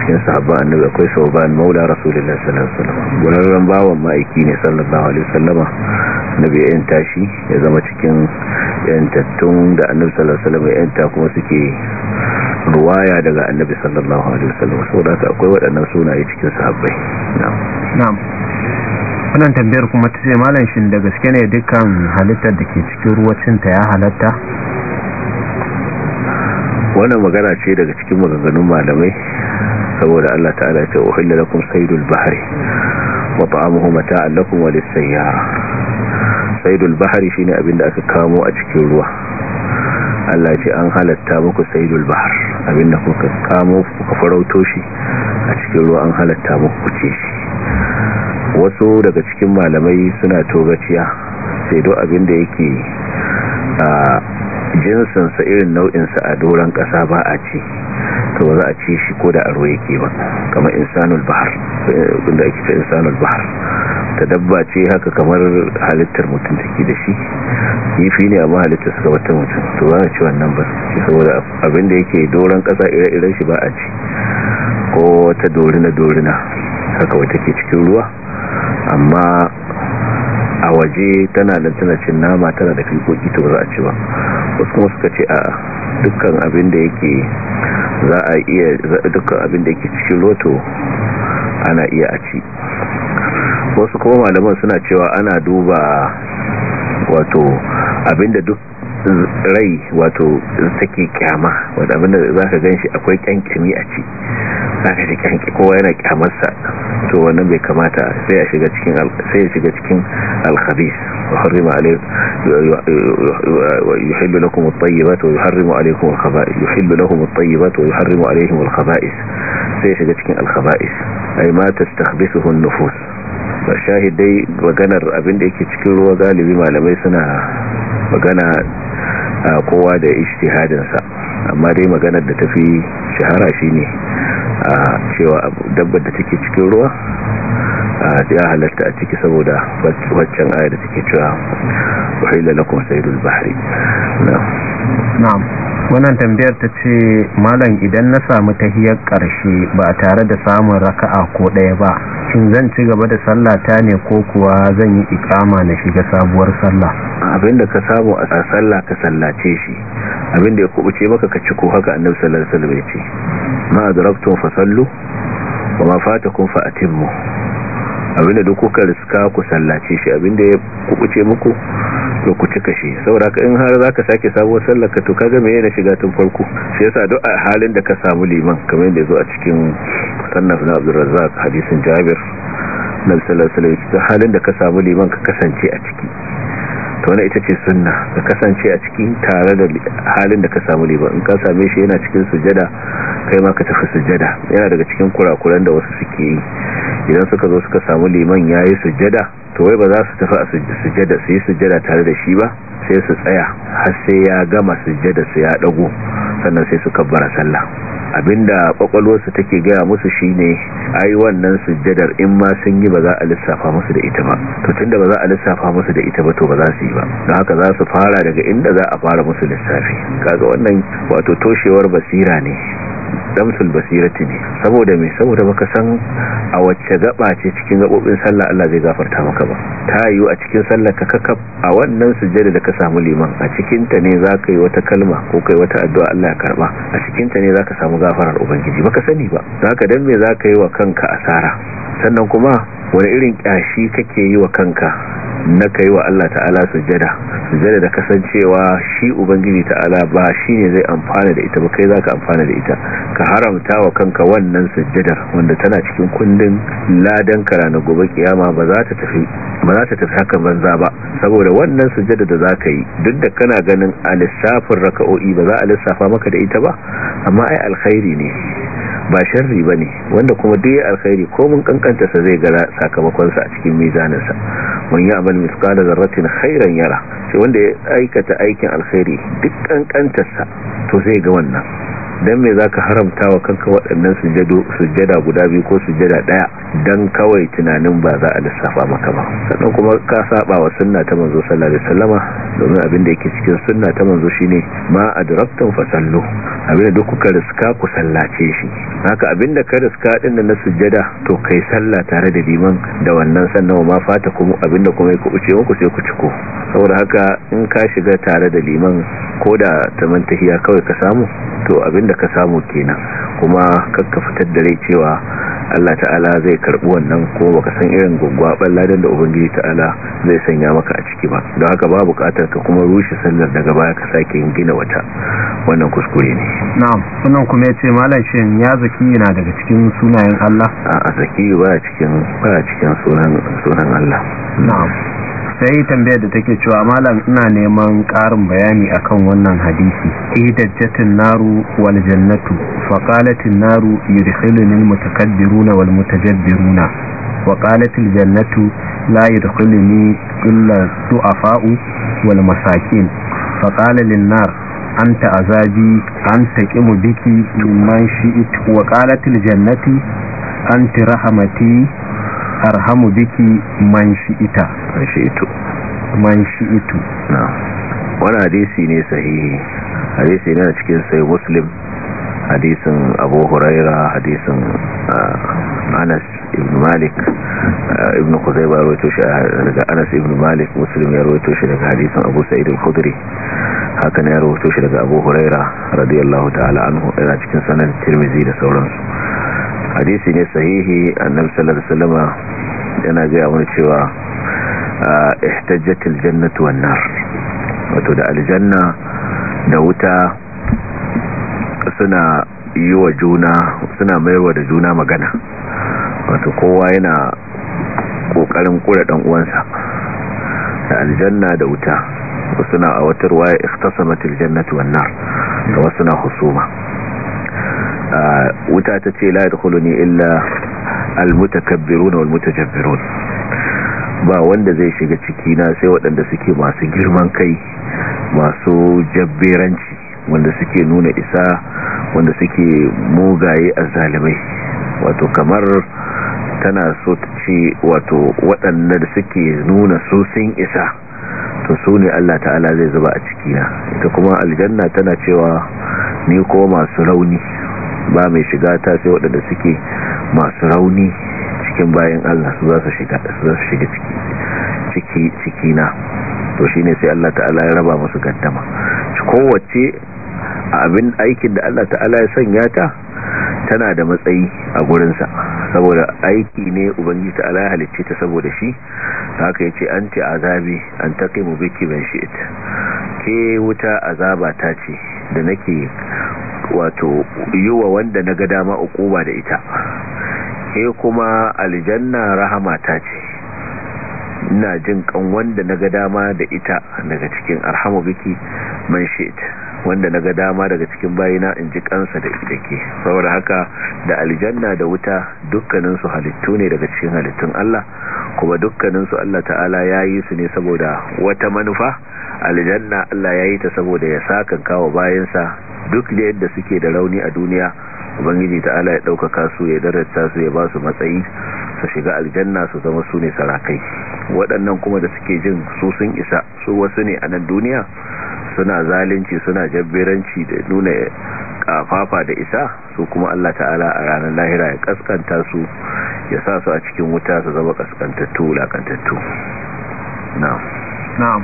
cikin sahabba annabi akwai sauban maula rasulullahi sallallahu alaihi wasallam gurarren bawan ma'aiki ne sallallahu alaihi wasallama annabi ya tashi ya zama cikin yantattun da annabi sallallahu alaihi wasallam ya yanta kuma suke ruwaya daga annabi sallallahu alaihi wasallam saboda akwai waɗannan sunaye cikin sahabbai na'am wannan tambayar kuma ta ce malam shin da gaske ne dukkan halittar da ke cikin ruwacin ta ya halatta wannan magana ce daga cikin maganganun malamai saboda Allah ta'ala ce uhilla lakum saydul bahri wa ta'amuhu mata'an lakum wa lis-sayyara saydul bahri shine abinda aka kamo a cikin ruwa Allah ce an halatta muku saydul bahr abinda kuka kamo kuka farauto shi a cikin ruwa an halatta muku kuce shi wasu daga cikin malamai suna togaciya sai do abinda yake ah, jinsinsa irin nau'insa a doran kasa ba a ci to za a ci shi ko da aro yake ba kamar insanul bahar wanda eh, ake ce insanul bahar ta dabba ce haka kamar halittar mutum take da shi kifi ne amma halittar suka bata mutum to za a ci wannan ba shi saboda abinda yake doron kasa ire-iren shi ba a ci ko wata dorina-dorina haka wata ke cikin ruwa amma a waje tana da tana nama tana da fikoki to za a ci ba wasu kuma suka ce a dukkan abin da yake za a iya dukkan abin da yake cikin loto ana iya a ci wasu kuma malaman suna cewa ana duba wato abin da duk rai wato take kyama wadda abin da za ka gan shi akwai kyan kimi a ci baka da kyanki kowa yana kyamarsa to wannan bai kamata sai ya shiga cikin sai ya shiga cikin al-khabith wa harrima alaykum yuhillu lakum at-tayyibat wa yuharrimu alaykum al-khaba'ith yuhillu lakum at-tayyibat wa yuharrimu alaykum al-khaba'ith sai ya shiga cikin al-khaba'ith ay ma tastakhbithuhu an-nufus ba shahidai maganar abin da yake cikin ruwa galibi malamai suna magana kowa da ijtihadinsa amma dai maganar da tafi shahara shine a cewa dabbar da take cikin ruwa ya halatta a ciki saboda waccan ayar da take cewa wahila lakum sayrul bahri na'am wannan tambayar ta ce malam idan na samu tahiyar ƙarshe ba tare da samun raka'a ko ɗaya ba shin zan ci gaba da sallah ta ne ko kuwa zan yi ikama na shiga sabuwar sallah abinda ka samu a sallah ka sallace shi abinda ya kubuce maka ka ciko haka annabi sallallahu alaihi wasallam ce ma adraktum fa sallu wa ma fatakum fa atimmu abinda duk kuka riska ku sallace shi abinda ya kubuce muku to ku cika shi ka in har zaka sake sabuwar sallar ka to kaga me yana shiga tun farko shi yasa duk a halin da ka samu liman kamar yadda zo a cikin sannan na Razzaq hadisin Jabir na sallallahu alaihi wasallam halin da ka samu liman ka kasance a ciki to wannan ita ce sunna ka kasance a ciki tare da halin da ka samu liman in ka same shi yana cikin sujada kai ma ka tafi sujada yana daga cikin kurakuran da wasu suke yi idan suka zo suka samu liman yayi sujada to wai ba za su tafi a sujjada su yi sujjada tare da shi ba sai su tsaya har sai ya gama sujjada su ya dago sannan sai su kabbara sallah abinda kwakwalwarsu take gaya musu shine ai wannan sujjadar in ma sun yi ba za a lissafa musu da ita ba to tunda ba za a lissafa musu da ita ba to ba za su yi ba don haka za su fara daga inda za a fara musu lissafi kaga wannan wato toshewar basira ne damsul basirati ne saboda mai saboda baka san a wacce gaba ce cikin gabobin sallah Allah zai gafarta maka ba ta yiwu a cikin sallah ka kakab a wannan sujjada da ka samu liman a cikin ta ne zaka yi wata kalma ko kai wata addu'a Allah ya karba a cikin ta ne zaka samu gafarar ubangiji baka sani ba zaka dan me zaka yi wa kanka asara sannan kuma wani irin kyashi kake yi wa kanka na kai wa Allah ta'ala sujada sujada da kasancewa shi ubangiji ta'ala ba shine zai amfana da ita ba kai zaka amfana da ita ka haramta wa kanka wannan sujjadar wanda tana cikin kundin ladan kara na gobe kiyama ba za ta tafi ba za ta tafi haka banza ba saboda wannan sujjada da za ka yi duk da kana ganin a lissafin raka'o'i ba za a lissafa maka da ita ba amma ai alkhairi ne ba sharri ba ne wanda kuma duk ya alkhairi ko mun kankanta sa zai gara sakamakonsa a cikin mizaninsa mun yi amal miskala zarratin khairan yara sai wanda ya aikata aikin alkhairi duk kankantarsa to zai ga wannan dan me ka haramta wa kanka waɗannan sujjado sujjada guda biyu ko sujada ɗaya dan kawai tunanin ba za a lissafa maka ba sannan kuma ka saba wa sunna ta manzo sallallahu alaihi wasallama domin abin da yake cikin sunna ta manzo shine ma adraktum sallu abin da duk kuka riska ku sallace shi haka abin da ka riska din na sujada to kai sallah tare da liman da wannan sannan ma fata kuma abin da kuma ku uce ku sai ku ciko saboda haka in ka shiga tare da liman ko da tamantahiya kawai ka samu to da ka samu kenan kuma kakka fitar da rai cewa Allah ta'ala zai karbi wannan kuma baka san irin gungwaban ladan da ubangiji ta'ala zai sanya maka a ciki ba don haka ba bukatar ka kuma rushe sallar daga baya ka sake yin gina wata wannan kuskure ne na'am sunan kuma ce malam shin ya zaki yana daga cikin sunayen Allah a zaki ba cikin ba cikin sunan sunan Allah na'am sai tambayar da take cewa malam ina neman ƙarin bayani akan wannan hadisi ihtajjatin naru wal jannatu fa qalatin naru yudkhiluni al mutakabbiruna wal mutajabbiruna wa qalatil jannatu la yudkhiluni illa du'afa'u wal masakin fa lin nar anta azabi anta qimu biki mimman shi'it wa qalatil jannati anti rahmati arhamu biki man shi'ita man shi'itu man shi'itu na wani hadisi ne sahihi hadisi ne a cikin sai muslim hadisin abu huraira hadisin ah, anas ibn malik ah, ibn kuzaiba ya rawaito shi ah, daga anas ibn malik muslim ya rawaito shi daga hadisin abu sa'id al-khudri haka ne ya rawaito shi daga abu huraira radiyallahu ta'ala anhu ina cikin sanan tirmizi da sauransu hadisi ne sahihi annabi sallallahu alaihi wasallam yana ga wani cewa ah, ihtajjatil jannatu wan nar wato da aljanna da wuta suna yi wa juna suna maiwa da juna magana wato kowa yana kokarin ƙura dan uwansa da aljanna da wuta suna awatarwa ya ikhtasamatil jannatu wan nar da wasu na husuma wuta ta ce la yadkhuluni illa almutakabbirun walmutajabbirun ba wanda zai shiga ciki na sai waɗanda suke masu girman kai masu jabberanci wanda suke nuna isa wanda suke mugaye a zalimai wato kamar tana so ta ce wato waɗanda suke nuna su sun isa to su ne Allah ta'ala zai zuba a ciki na ita kuma aljanna tana cewa ni ko masu rauni ba mai shiga ta sai waɗanda suke masu rauni cikin bayan Allah su za su shiga ciki ciki na to shine sai Allah ta'ala ya raba musu gaddama kowace abin aikin da Allah ta'ala ya sanya ta tana da matsayi a gurinsa saboda aiki ne ubangiji ta ala halicce ta saboda shi haka yace anti azabi an mu biki ban shi'it ke wuta azaba ta ce da nake wato yiwa wanda naga dama ukuba da ita ke kuma aljanna rahama ta ce ina jin kan wanda naga dama da ita daga cikin arhamu biki man shi'it wanda na ga dama daga cikin bayina in ji kansa da ke saboda haka da aljanna da wuta dukkanin halittu ne daga cikin halittun Allah kuma dukkanin su Allah ta'ala ya yi su ne saboda wata manufa aljanna Allah ya yi ta saboda ya saka kawo bayansa duk da yadda suke da rauni a duniya ubangiji ta'ala ya ɗaukaka su ya darata su ya ba su matsayi su shiga aljanna su zama su ne sarakai waɗannan kuma da suke jin su sun isa su wasu ne a nan duniya suna zalunci suna jabberanci da nuna kafafa da isa su kuma Allah ta'ala a ranar lahira ya kaskanta su ya sa su a cikin wuta su zama kaskantattu wulakantattu na'am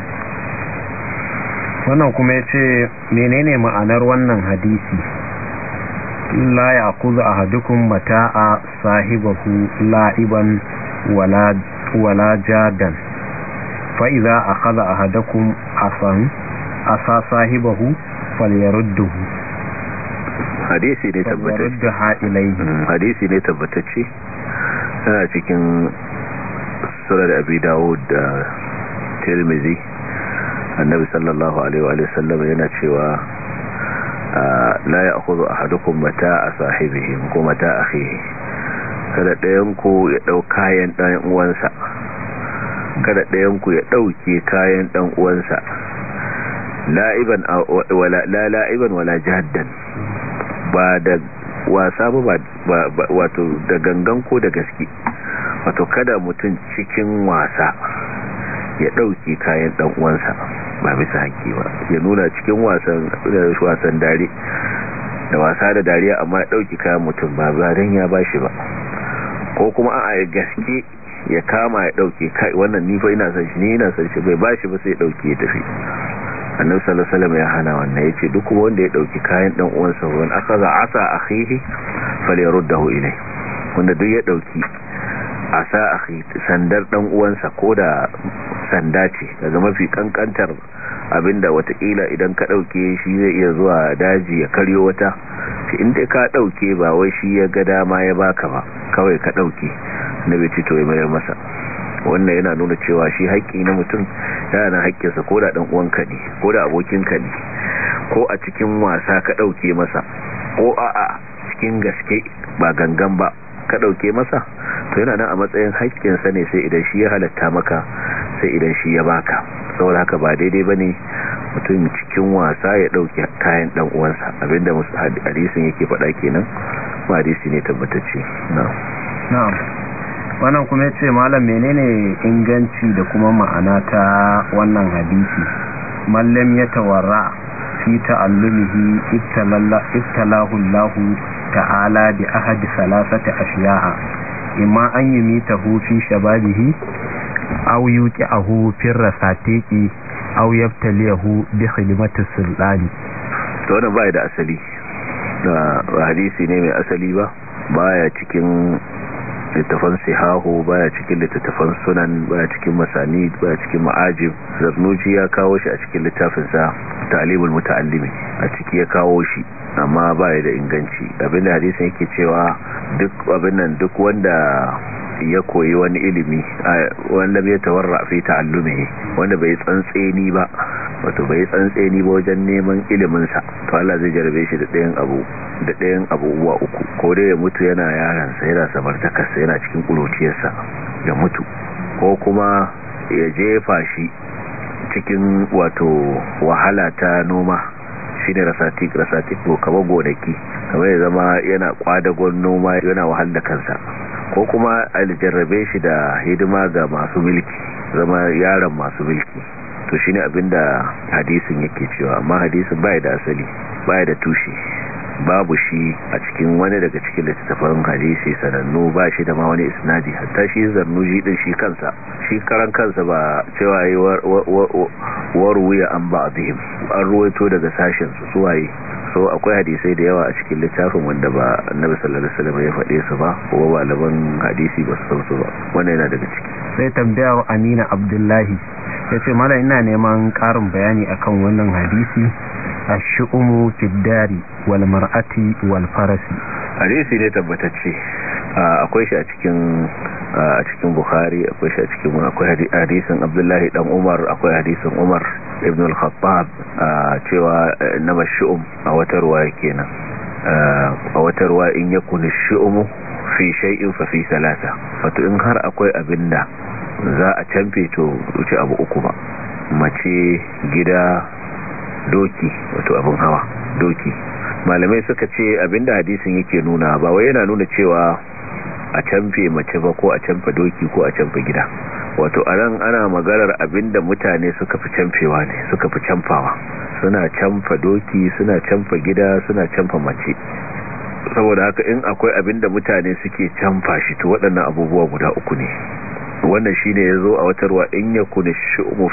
wannan kuma ya ce menene ma'anar wannan hadisi la mata mata sahiba sahibahu la'iban wala wala faiza a a akhadha ahadakum asan asa sahibahu falyarudduhu hadisi ne tabbatacce hadisi ne tabbatacce yana cikin da abi dawud da tirmizi annabi sallallahu alaihi wa sallam yana cewa la ya'khudhu ahadukum mata'a sahibihi ko mata'a akhihi kada ɗayan ku ya ɗau kayan ɗan uwansa kada ɗayan ku ya ɗauke kayan ɗan uwansa la'iban wala la'iban wala jaddan ba da wasa ba wato da gangan ko da gaske wato kada mutum cikin wasa ya dauki kayan dan uwansa ba bisa haƙi ba ya nuna cikin wasan dare da wasa da dariya amma ya dauki kayan mutum ba zaren ya bashi ba ko kuma a gaske ya kama ya dauki wannan ni fa ina san shi ne ina san shi bai bashi ba sai ya dauke ya tafi annabi sallallahu alaihi wasallam ya hana wannan yace duk wanda ya dauki kayan dan uwansa ruwan akaza asa akhihi falyaruddahu ilai wanda duk ya dauki asa akhi sandar dan uwansa koda sanda ce daga mafi kankantar abinda watakila idan ka dauke shi zai iya zuwa daji ya karyo wata inda ka dauke ba wai shi ya ga dama ya baka ba kawai ka dauke nabi ce to ya mayar masa wannan yana nuna cewa shi haƙƙi na mutum yana nan hakkinsa ko da ɗan uwanka ne ko da abokinka ne ko a cikin wasa ka ɗauke masa ko a'a cikin gaske ba gangan ba ka ɗauke masa to yana nan a matsayin haƙƙinsa ne sai idan shi ya halatta maka sai idan shi ya baka saboda haka ba daidai ba ne mutum cikin wasa ya ɗauke kayan ɗan uwansa abinda hadisin yake faɗa kenan ba hadisi ne tabbatacce na'am wannan kuma ce malam menene inganci da kuma ma'ana ta wannan hadisi mallam ya tawarra fi ta'allumihi ittalahu Allah ta'ala bi ahad salasati ashiya'a imma an yumitahu fi shababihi aw ahu fi rasatiqi aw yabtaliyahu bi khidmati sultani to wannan bai da asali da hadisi ne mai asali ba baya cikin littafan sihahu baya cikin littafan sunan baya cikin masani baya cikin ma'ajib zarnuji ya kawo shi a cikin littafinsa talibul muta'allimi a ciki ya kawo shi amma baya da inganci abinda hadisin yake cewa duk abin nan duk wanda ya koyi wani ilimi wanda bai tawarra fi ta'allumi wanda bai tsantseni ba wato bai tsantseni ba wajen neman iliminsa to Allah zai jarabe shi da ɗayan abu da ɗayan abubuwa uku ko dai ya mutu yana yaransa yana samartakarsa yana cikin ƙuruciyarsa ya mutu ko kuma ya jefa shi cikin wato wahala ta noma shi ne rasati ko kama gonaki kamar ya zama yana kwadagon noma yana wahal kansa ko kuma aljarrabe shi da hidima ga masu milki zama yaran masu milki to shine abinda hadisin yake cewa amma hadisin baya da asali baya da tushe babu shi a cikin wani daga cikin littattafan hadisi sanannu ba shi da ma wani isnadi hatta shi zarnuji din shi kansa shi karan kansa ba cewa yi wuya an ba abihim an ruwaito daga sashen su suwaye so akwai hadisai da yawa a cikin littafin wanda ba annabi sallallahu alaihi ya faɗe su ba ko laban hadisi ba su san ba wanda yana daga ciki sai tambayar Amina Abdullahi ya ce mala ina neman karin bayani akan wannan hadisi ash-shu'umu fid-dari wal mar'ati wal farasi hadisi ne tabbatacce akwai shi a cikin a cikin bukhari akwai shi a cikin akwai hadisin abdullahi dan umar akwai hadisin umar ibn al-khattab cewa na bashu'um a wata ruwaya kenan a wata ruwa in yakun ash-shu'umu fi shay'in fa fi salata wato in har akwai abinda za a canfe to wuce abu uku ba mace gida doki wato abin hawa doki malamai suka ce abinda hadisin yake nuna ba wai yana nuna cewa a canfe mace ba ko a canfa doki ko a canfa gida wato a ran ana maganar abinda mutane suka fi canfewa ne suka fi canfawa suna canfa doki suna canfa gida suna canfa mace saboda haka in akwai abinda mutane suke canfa shi to waɗannan abubuwa guda uku ne wannan shine zo a wata ruwa in ya kuni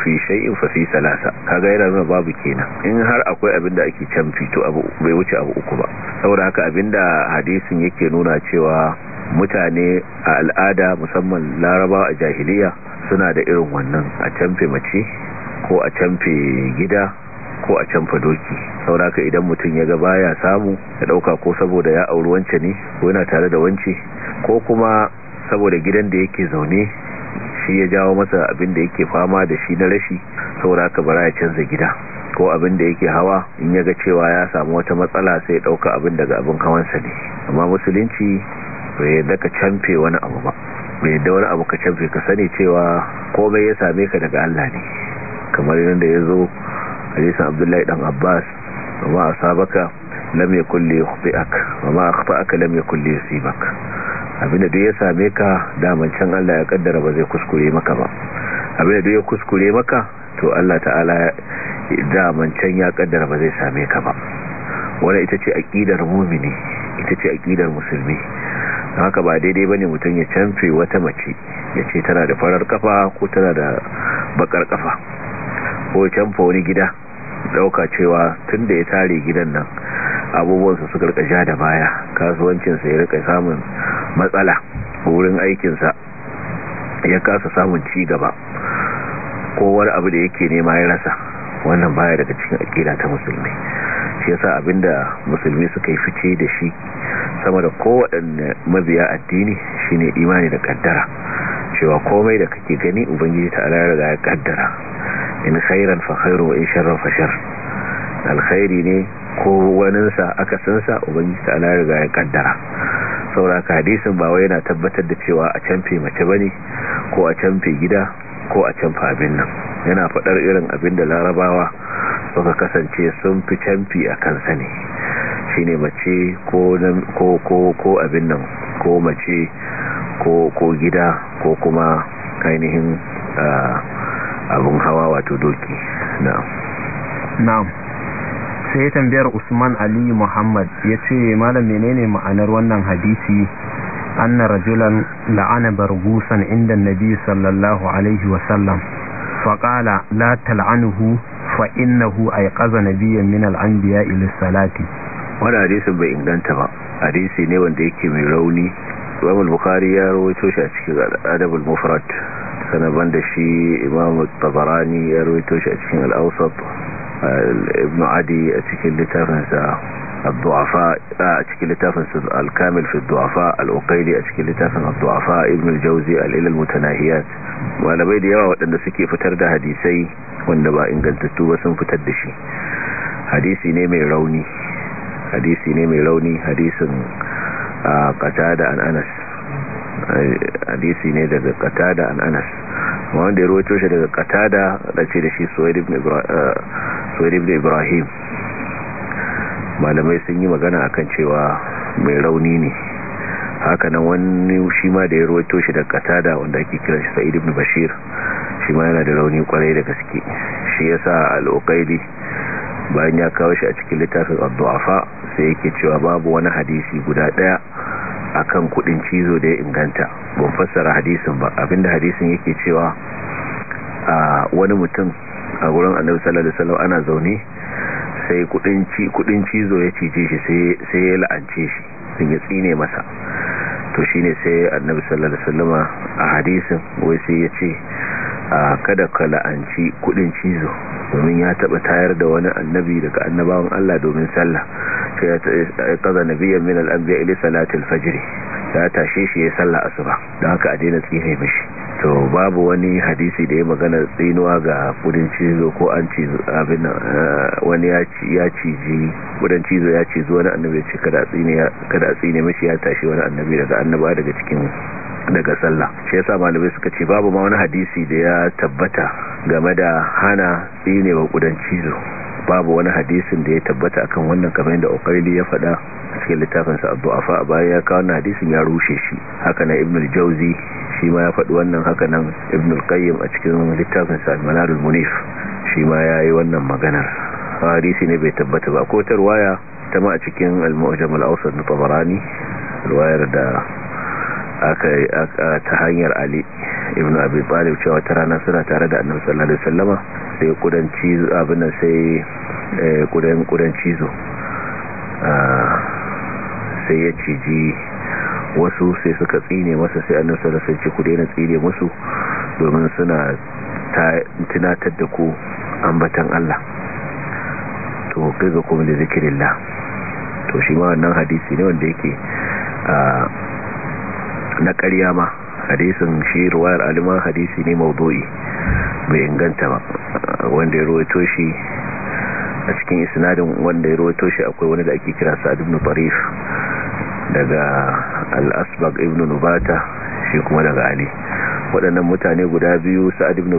fi shay'in fa fi salasa kaga yana zama babu kenan in har akwai abin da ake can to bai wuce abu uku ba saboda haka da hadisin yake nuna cewa mutane a al'ada musamman laraba a jahiliya suna da irin wannan a canfe mace ko a canfe gida ko a canfa doki saboda haka idan mutum ya ga baya samu ya dauka ko saboda ya auri wance ne ko yana tare da wance ko kuma saboda gidan da yake zaune shi ya jawo masa abin da yake fama da shi na rashi saboda ka bara ya canza gida ko abin da yake hawa in ya ga cewa ya samu wata matsala sai ya dauka abin daga abin kawansa ne amma musulunci bai ka camfe wani abu ba bai da wani abu ka canfe ka sani cewa komai ya same ka daga Allah ne kamar yadda ya zo hadisin Abdullahi dan Abbas amma asabaka lam yakul li yukhbi'ak wa ma akhta'aka lam yakul li yusibak abinda da ya same ka daman can Allah ya kaddara ba zai kuskure maka ba abinda da ya kuskure maka to Allah ta'ala daman can ya kaddara ba zai same ka ba wanda ita ce aqidar mu'mini ita ce aqidar musulmi haka ba daidai ne mutum ya canfe wata mace ya ce tana da farar kafa ko tana da bakar kafa ko canfa wani gida dauka cewa tun da ya tare gidan nan abubuwansu su rika ja da baya kasuwancinsa ya rika samun matsala wurin aikinsa ya kasa samun ci gaba abu da yake nema ya rasa wannan baya daga cikin akida ta musulmi shi yasa abinda musulmi suka yi fice da shi sama da kowaɗanne maziya addini shine imani da kaddara cewa komai da kake gani ubangiji ta ala da ya kaddara in khairan fa khairu wa in sharran fa shar alkhairi ne ko waninsa akasinsa ubangiji ta ala da ya kaddara sauraka hadisin ba wai yana tabbatar da cewa a canfe mace bane ko a canfe gida ko a canfa abin nan yana faɗar irin abin da larabawa suka kasance sun fi camfi a kansa ne shi ne mace ko abin nan ko mace ko gida ko kuma ainihin ah, abin hawa wato doki na sai tambayar usman aliyu muhammad ya ce malam menene ma'anar wannan hadisi anna rajulan la'ana bargusan inda nabi sallallahu alaihi wasallam faƙala la tal'anuhu fa innahu ayqaza nabiyyan min al-anbiya ila salati wannan hadisin bai inganta ba hadisi ne wanda yake mai rauni Imam al-Bukhari ya rawaito shi a cikin Adab al-Mufrad sanaban shi Imam al-Tabarani ya rawaito shi a cikin al-Awsat ibn adi a cikin littafinsa الضعفاء cikin al-kamil fi du'afa al-uqayli a cikin littafin al-du'afa ibn al-jawzi al-ilal malamai da yawa waɗanda suke fitar da hadisai wanda ba ingantattu ba sun fitar da shi hadisi ne mai rauni hadisi ne daga qatada an anas wanda ya rawaito daga qatada da ce da shi ibn suwaid da ibrahim malamai sun yi magana akan cewa mai rauni ne haka nan wani shi ma da ya ruwaito shi da katada wanda ake kiran shi sa'id ibn bashir shi ma yana da rauni kwarai da gaske shi ya sa uqaili bayan ya kawo shi a cikin littafin ad sai yake cewa babu wani hadisi guda daya akan kudin cizo da ya inganta ban fassara hadisin ba abinda hadisin yake cewa a wani mutum a wurin annabi sallallahu alaihi wasallam ana zaune sai kudin ci kudin cizo ya cije shi sai sai ya la'ance shi sun ya tsine masa to shine sai annabi sallallahu alaihi wasallama a hadisin wai sai ya ce kada ka la'anci kudin cizo domin ya taba tayar da wani annabi daga annabawan Allah domin sallah sai ya kaza nabiyyan min al-anbiya ila salatil fajr ya tashe shi ya sallah asuba don haka a daina tsine mishi to babu wani hadisi da ya magana tsinuwa ga kudin cizo ko an cizo abin eh, wani ya ciji kudin cizo ya cizo wani annabi ce kada a tsine mashi ya tashi wani annabi daga annaba daga cikin daga sallah shi ya sa malamai suka ce babu ma wani hadisi da ya tabbata game da hana tsinewa kudin cizo babu wani hadisin da ya tabbata akan wannan kamar yadda Uqayli ya faɗa a cikin littafin sa Ad-Du'afa a baya ya kawo wannan hadisin ya rushe shi haka nan Ibn al-Jawzi shi ma ya faɗi wannan haka nan Ibn al-Qayyim a cikin littafin sa al munif shi ma yayi wannan maganar hadisi ne bai tabbata ba ko tarwaya ta ma a cikin Al-Mu'jam al-Awsat na Tabarani riwayar da aka ta hanyar Ali ibn abi talib cewa wata rana suna tare da annabi sallallahu alaihi wasallama sai kudanci abin nan sai eh, kudan kudanci zo ah, sai ya ciji wasu sai suka tsine masa sai annabi sallallahu alaihi wasallam ku daina tsine musu domin suna tunatar da ku ambatan Allah to kai ga kuma da zikirillah to shi ma wannan hadisi ne wanda yake ah, na ƙarya ma hadisin shi ruwayar aliman hadisi ne maudu'i mai inganta ba wanda ya ruwaito shi a cikin isnadin wanda ya ruwaito shi akwai wani da ake kira sa'ad ibn tarif daga al ibn nubata shi kuma daga ali waɗannan mutane guda biyu sa'ad ibn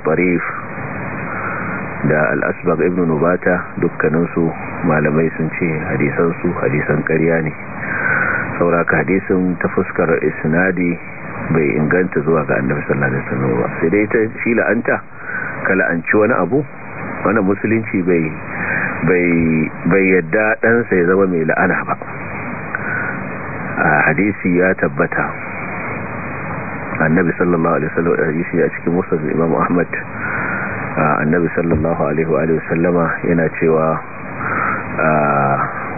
da al ibn nubata dukkaninsu malamai sun ce hadisansu hadisan karya ne sauraka hadisin ta fuskar isnadi bai inganta zuwa ga annabi sallallahu alaihi wasallam ba sai dai ta shi la'anta ka la'anci wani abu wani musulunci bai bai yadda sa ya zama mai la'ana ba a hadisi ya tabbata annabi sallallahu alaihi wasallam hadisi a cikin musnad imam ahmad annabi sallallahu alaihi wa sallama yana cewa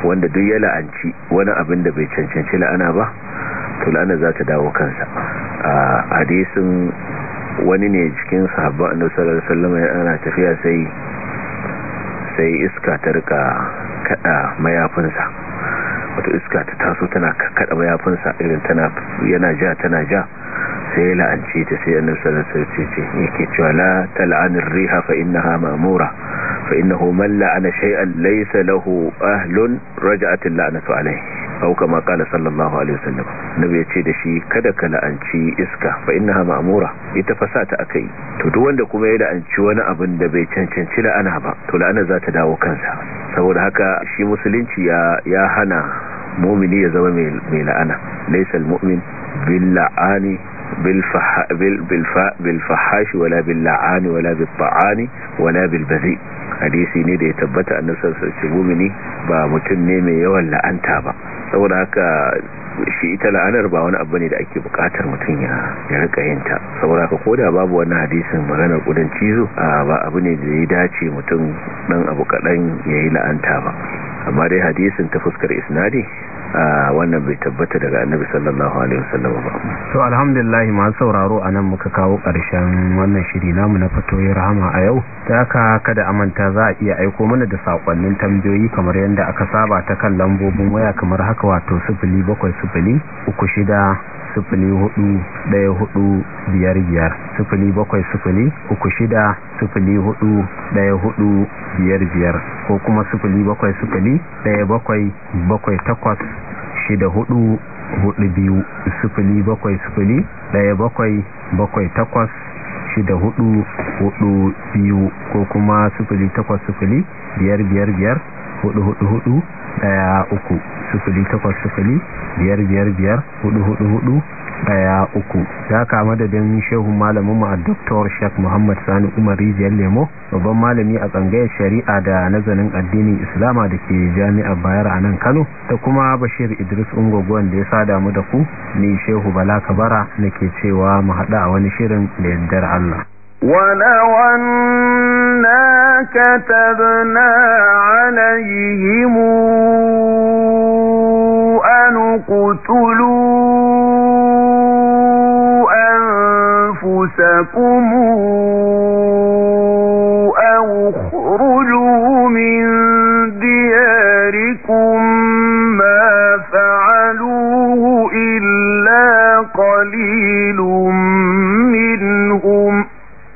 wanda duk ya la'anci wani abin da bai cancanci la'ana ba to la'ana za ta dawo kansa a hadisin wani ne cikin sahabban a sallallahu salama yana tafiya sai sai iska ta rika kada mayafinsa iska ta taso tana kada mayafinsa irin tana yana ja tana ja sai la'anci ta sai annabi sallallahu alaihi wasallam yake cewa la tal'anir riha fa innaha ma'mura fa innahu man la'ana shay'an laysa lahu ahlun raja'atin la'anatu alaihi aw kama qala sallallahu alaihi wasallam nabi ya ce da shi kada ka la'anci iska fa innaha ma'mura ita fasata akai to duk wanda kuma ya la'anci wani abin da bai cancanci la'ana ba to la'ana za ta dawo kansa saboda haka shi musulunci ya ya hana mumini ya zama mai la'ana laysal mu'min bil la'ani la'ani wala bil ولا wala bil bazi. hadisi ne da ya tabbata annabi sallallahu alaihi wasallam ba mutum ne mai yawan la'anta ba saboda haka shi ita la'anar ba wani abu ne da ake bukatar mutum ya rika yin ta saboda ka koda babu wani hadisin maganar kudin cizo ba abu ne da ya dace mutum dan abu kadan ya yi la'anta ba amma dai hadisin ta fuskar isnadi wannan bai tabbata daga annabi sallallahu alaihi wasallam ba to alhamdulillah ma sauraro anan muka kawo karshen wannan shiri namu na fatoyi rahama a yau ta haka kada amanta za a iya aiko mana da sakonnin tambayoyi kamar yadda aka saba ta kan lambobin waya kamar haka wato shida. sifili hudu daya hudu biyar biyar sifili bakwai sifili uku shida hudu daya hudu ko kuma sifili bakwai sifili daya bakwai bakwai takwas shida hudu biyu sufuli bakwai sufuli daya bakwai bakwai takwas shida hudu hudu biyu ko kuma sufuli takwas sufuli biyar biyar biyar hudu hudu hudu daya uku sufuli takwas sufuli biyar biyar biyar hudu hudu hudu daya uku da ka shehu malamin mu a doktor shek muhammad sani umar rijiyar lemo babban malami a tsangayar shari'a da nazarin addinin islama da ke jami'ar bayar a nan kano da kuma bashir idris ungogon da ya sada mu da ku ni shehu bala kabara na ke cewa mu haɗa a wani shirin da yardar allah ولو أنا كتبنا عليهم أن اقتلوا أنفسكم أو اخرجوا من دياركم